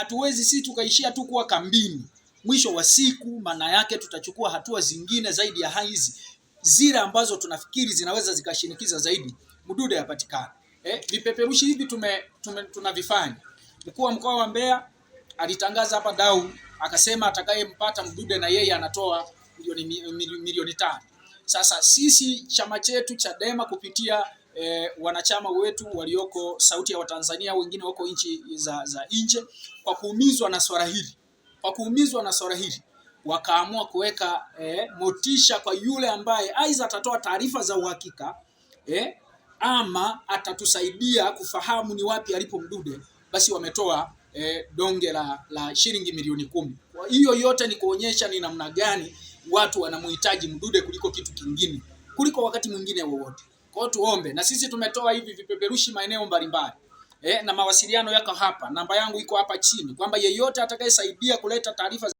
hatuwezi si tukaishia tu kuwa kambini. Mwisho wa siku, maana yake tutachukua hatua zingine zaidi ya hizi zile ambazo tunafikiri zinaweza zikashinikiza zaidi mdude apatikane. Eh, vipeperushi hivi tume, tume, tunavifanya. Mkuu wa mkoa wa Mbeya alitangaza hapa dau akasema atakayempata mdude na yeye anatoa milioni milioni tano. Sasa sisi chama chetu Chadema kupitia e, wanachama wetu walioko Sauti ya Watanzania, wengine wako nchi za, za nje, kwa kuumizwa na swala hili kwa kuumizwa na swala hili wakaamua kuweka e, motisha kwa yule ambaye aidha atatoa taarifa za uhakika e, ama atatusaidia kufahamu ni wapi alipo Mdude, basi wametoa e, donge la, la shilingi milioni kumi. Kwa hiyo yote ni kuonyesha ni namna gani watu wanamhitaji Mdude kuliko kitu kingine, kuliko wakati mwingine wowote. Kwa tuombe, na sisi tumetoa hivi vipeperushi maeneo mbalimbali eh, na mawasiliano yako hapa, namba yangu iko hapa chini, kwamba yeyote atakayesaidia kuleta taarifa